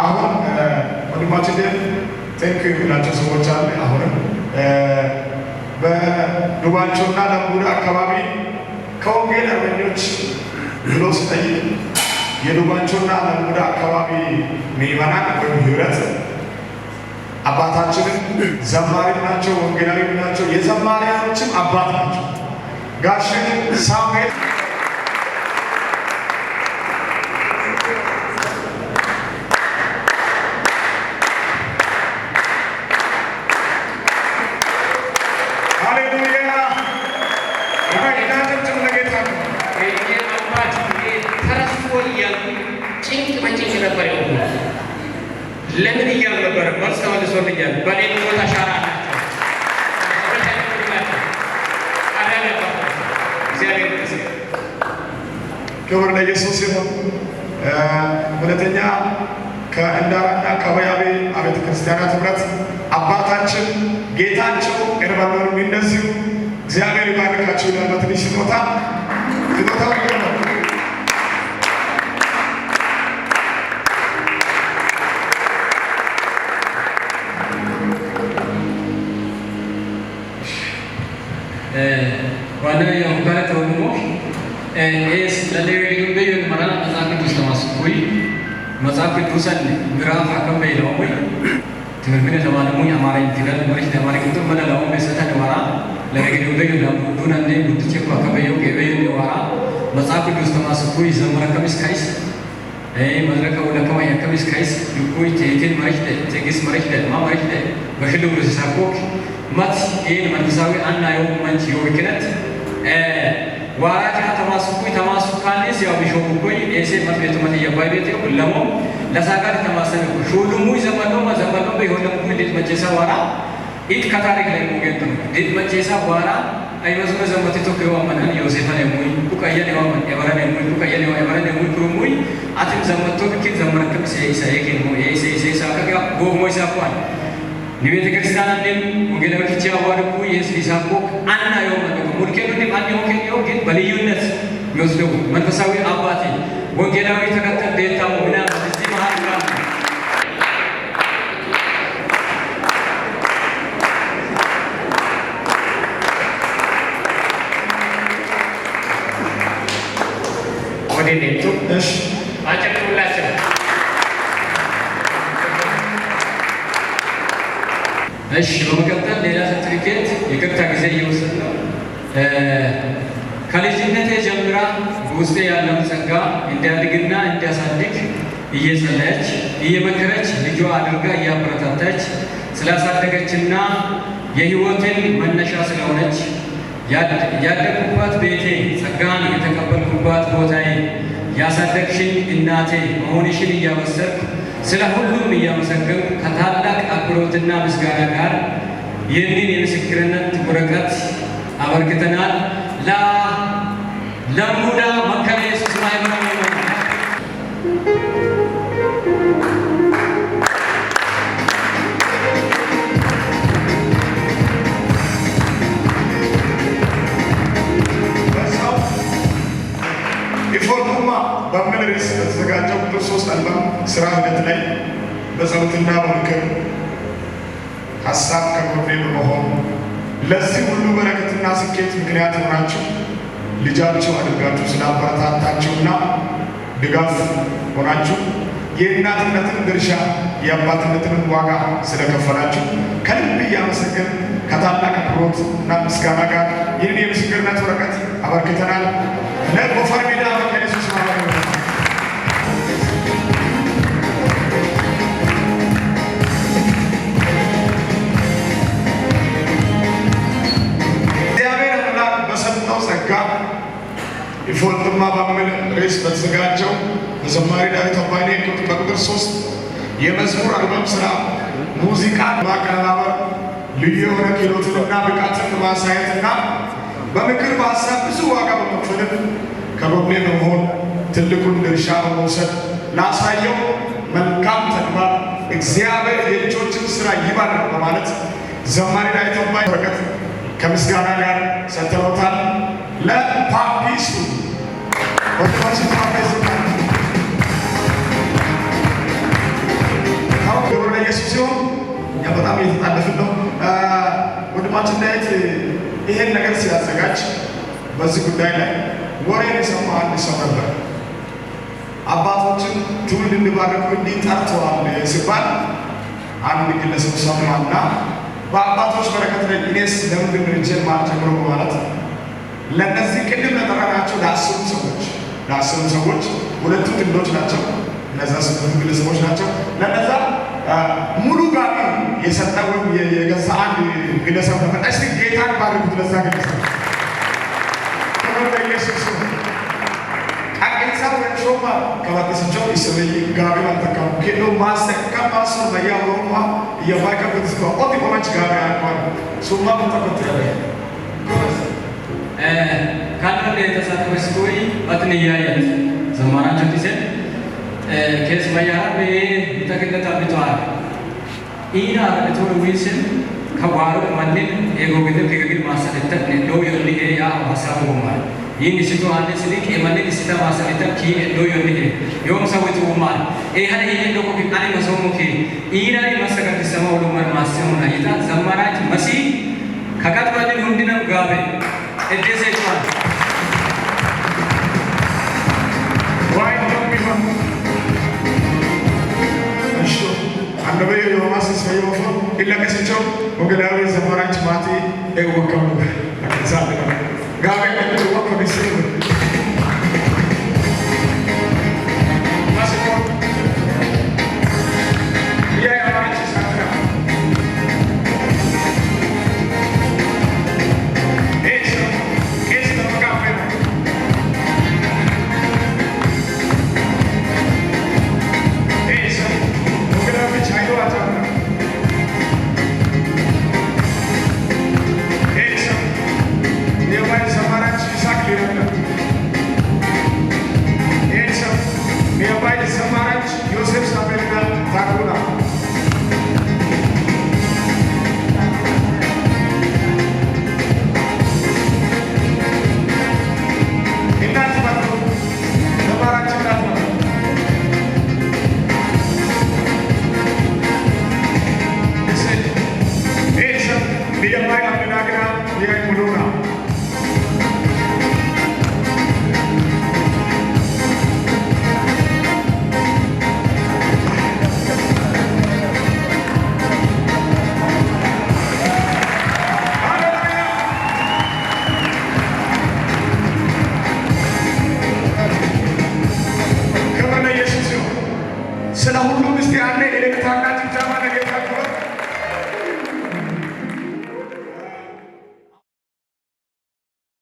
አሁን ወንድማችን ደን ቴንክ የሚላቸው ሰዎች አለ። አሁንም አካባቢ ከወንጌል አርበኞች ብሎ ስጠይቅ የዱባቸውና አካባቢ ምዕመናን ወይም ህብረት አባታችንን ናቸው፣ ናቸው፣ የዘማሪያኖችም አባት ናቸው። ሳሙኤል ለምን እያሉ ነበረ? መልስ ተመልሶልኛል። አሻራ ክብር ለኢየሱስ ይሁን። ሁለተኛ ከእንዳራና ከወያቤ ክርስቲያናት ህብረት አባታችን ጌታቸው ኤርባኖር እንደዚሁ እግዚአብሔር ይባርካቸው ይላል በትንሽ ስጦታ ስጦታ ዋናው የሁጋት ተወድሞ ለደግበዮ መራ መጽሐፍ ቅዱስ ተማስኩይ መጽሐፍ ቅዱሰን ምዕራፍ አከም በይለወይ ትምህርትን ለማለሙ የአማራኝ ትገል መሪክ ተማሪ ቅጡ መለላሙ በሰተ ደዋራ ለደግበዮ ለሙዱን እንዴ ጉድቼ እኮ አከበዮ ገበዮ ደዋራ መጽሐፍ ቅዱስ ተማስኩይ ዘመረከምስ ካይስ መድረከ ወለከማ የከምስ ካይስ ልኩይ ቴቴን መሪክ ቴግስ መሪክ ደማ መሪክ በክልብ ርሳኮክ መት ይህን መንፈሳዊ አናየው መንች የውክነት ዋራካ ተማስኩ ተማስኩ ካንስ ያው ቢሾኩ ኮይ ኤሴ መስቤት መት የባይ ቤት ይሁን ለሞ ለሳጋር ተማሰን ሹሉሙ ይዘመዶ ማዘመዶ በይሆነም ምልት መጨሳ ዋራ ኢት ከታሪክ ላይ ሙገት ነው ኢት መጨሳ ዋራ አይመስሎ ዘመት ቶክ ይዋመናን ዮሴፈን የሙይ ቁቀየን ይዋመን የበረን የሙይ ቁቀየን የበረን የሙይ ኩሩሙይ አትም ዘመቶ ቢክ ዘመረከም ሰይሰይ ከሙ ኤሴ ሰይሳ ከጋ ጎሞይ ሳቋን የቤተ ክርስቲያንንም ወንጌላዊት ያዋርኩ የስሊሳኮ አና የሆነው ሙልከኑ ዲማን የሆነው ግን በልዩነት የሚወስደው መንፈሳዊ አባቴ ወንጌላዊ ተከተል ደታው ምና እዚህ መሃል ጋር ወደ ኔቱ እሺ አጨቅ እሺ፣ በመቀጠል ሌላ ሰርቲፊኬት ይቅርታ ጊዜ እየወሰድ ነው። ከልጅነት ጀምራ በውስጤ ያለውን ጸጋ እንዲያድግና እንዲያሳድግ እየጸለች እየመከረች ልጇ አድርጋ እያበረታታች ስላሳደገችና የህይወትን መነሻ ስለሆነች ያደግኩባት ቤቴ ጸጋን የተቀበልኩባት ቦታዬ ያሳደግሽኝ እናቴ መሆንሽን እያበሰርኩ ስለ ሁሉም እያመሰገን ከታላቅ አክብሮትና ምስጋና ጋር ይህንን የምስክርነት ወረቀት አበርክተናል ለሙዳ መከ ከተማ በምን ርዕስ በተዘጋጀው ቁጥር ሶስት አልባ ስራ ሂደት ላይ በጸሎትና በምክር ሀሳብ ከጎኔ በመሆን ለዚህ ሁሉ በረከትና ስኬት ምክንያት ሆናችሁ ልጃችሁ አድርጋችሁ ስላበረታታችሁና ድጋፍ ሆናችሁ የእናትነትን ድርሻ የአባትነትን ዋጋ ስለከፈላችሁ ከልብ እያመሰገን ከታላቅ አክብሮት እና ምስጋና ጋር ይህን የምስክርነት ወረቀት አበርክተናል ለጎፈር ሜዳ እግዚአብሔር አምላክ በሰጠው ጸጋ ኢፎርትማ በሚል ርዕስ በተዘጋጀው በዘማሪ ዳዊት አባይነ በቁጥር ሶስት የመዝሙር አልበም ስራ ሙዚቃ ማቀነባበር ልዩ የሆነ ክህሎትንና ብቃትን ማሳየትና በምክር በሀሳብ ብዙ ዋጋ በመክፈልም ከጎኔ በመሆን ትልቁን ድርሻ በመውሰድ ላሳየው መልካም ተግባር እግዚአብሔር የልጆችን ስራ ይባርክ በማለት ዘማሪ ላይ ተባይ በረከት ከምስጋና ጋር ሰጥተውታል። ለፓፒሱ ወደባሲ ፓፒሱ ክብር ለኢየሱስ ሲሆን ያ በጣም እየተጣደፍን ነው። ወንድማችን ዳዊት ይሄን ነገር ሲያዘጋጅ በዚህ ጉዳይ ላይ ወሬ የሰማ አንድ ሰው ነበር። አባቶችን ትውልድ እንዲባረኩ እንዲህ ጠርተዋል ሲባል አንድ ግለሰብ ሰማና በአባቶች በረከት ላይ እኔስ ለምንድን ነው እጄን ማልጀምሮ በማለት ለእነዚህ ቅድም ለጠራናቸው ለአስሩ ሰዎች ለአስሩ ሰዎች ሁለቱ ግንዶች ናቸው። እነዛ ስምንቱ ግለሰቦች ናቸው። ለነዛ ሙሉ ጋቢ የሰጠ ወይም የገዛ አንድ ግለሰብ ተፈጣሽ ጌታን ባድርጉት ለዛ ግለሰብ Roma, Galatians Joyce, Gabi Antacam, que no mais é capaz de sair a Roma e a vai capitalizar. Onde como é que Gabi agora? Suma muito acontece. ካንተ ተሳተፈስኩ በትን እያየት ዘማናቸው ጊዜ ከስ መያራ ተክነት አብተዋል ኢና አብቶ ዊስን ከዋሮ ማንን ኤጎግድ ከግግድ ማሰደተት ነው የልየ ያ ሀሳቡ ማለት ይንስቱ አንደስ ሊክ የማን ንስታ ማሰለታ ኪ እንዶ ይንክ ዮም ሰውት ወማል ይሄን ይሄን ደግሞ ቢቃሪ መሰሙ ኪ ኢራሪ መሰከት ሰማው ለማን ማሰሙ ናይታ ዘማራች መሲ ከቀጥራን ሁንድነም ጋቤ እደሰይቷል ዋይ ዶንት ቢ ሆም እሺ አንደበየ ዮማስ ሰይወፎ ኢላ ከሰቸው ወገላዊ ዘማራች ማቲ እወቀሙ